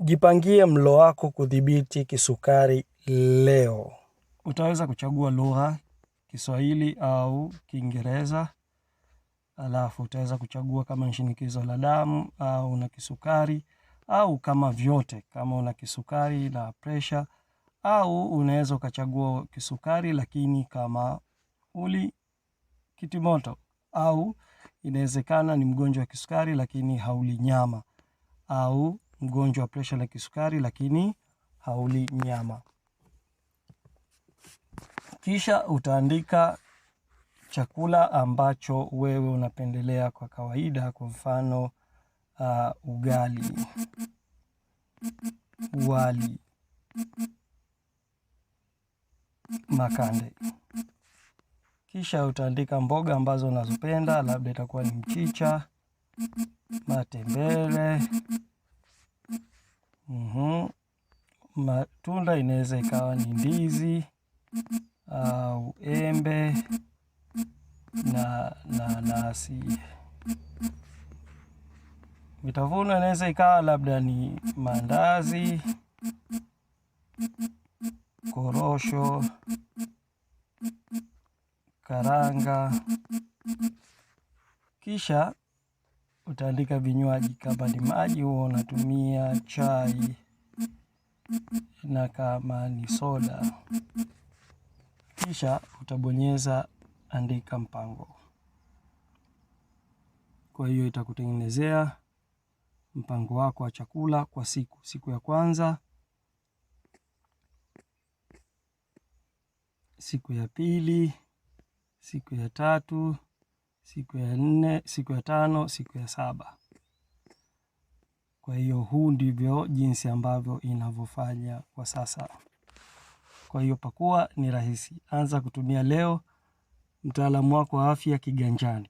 Jipangie mlo wako kudhibiti kisukari leo. Utaweza kuchagua lugha Kiswahili au Kiingereza. Alafu utaweza kuchagua kama ni shinikizo la damu au na kisukari au kama vyote, kama una kisukari na presha au unaweza ukachagua kisukari lakini kama uli kitimoto au inawezekana ni mgonjwa wa kisukari lakini hauli nyama au mgonjwa wa presha na kisukari, lakini hauli nyama. Kisha utaandika chakula ambacho wewe unapendelea kwa kawaida, kwa mfano uh, ugali, wali, makande. Kisha utaandika mboga ambazo unazopenda, labda itakuwa ni mchicha, matembele matunda inaweza ikawa ni ndizi au embe na nanasi. Vitafuno inaweza ikawa labda ni mandazi, korosho, karanga. Kisha utaandika vinywaji, kama ni maji huwa unatumia chai na kama ni soda, kisha utabonyeza andika mpango. Kwa hiyo itakutengenezea mpango wako wa chakula kwa siku. Siku ya kwanza, siku ya pili, siku ya tatu, siku ya nne, siku ya tano, siku ya saba. Kwa hiyo huu ndivyo jinsi ambavyo inavyofanya kwa sasa. Kwa hiyo pakua, ni rahisi. Anza kutumia leo. Mtaalamu wako wa afya kiganjani.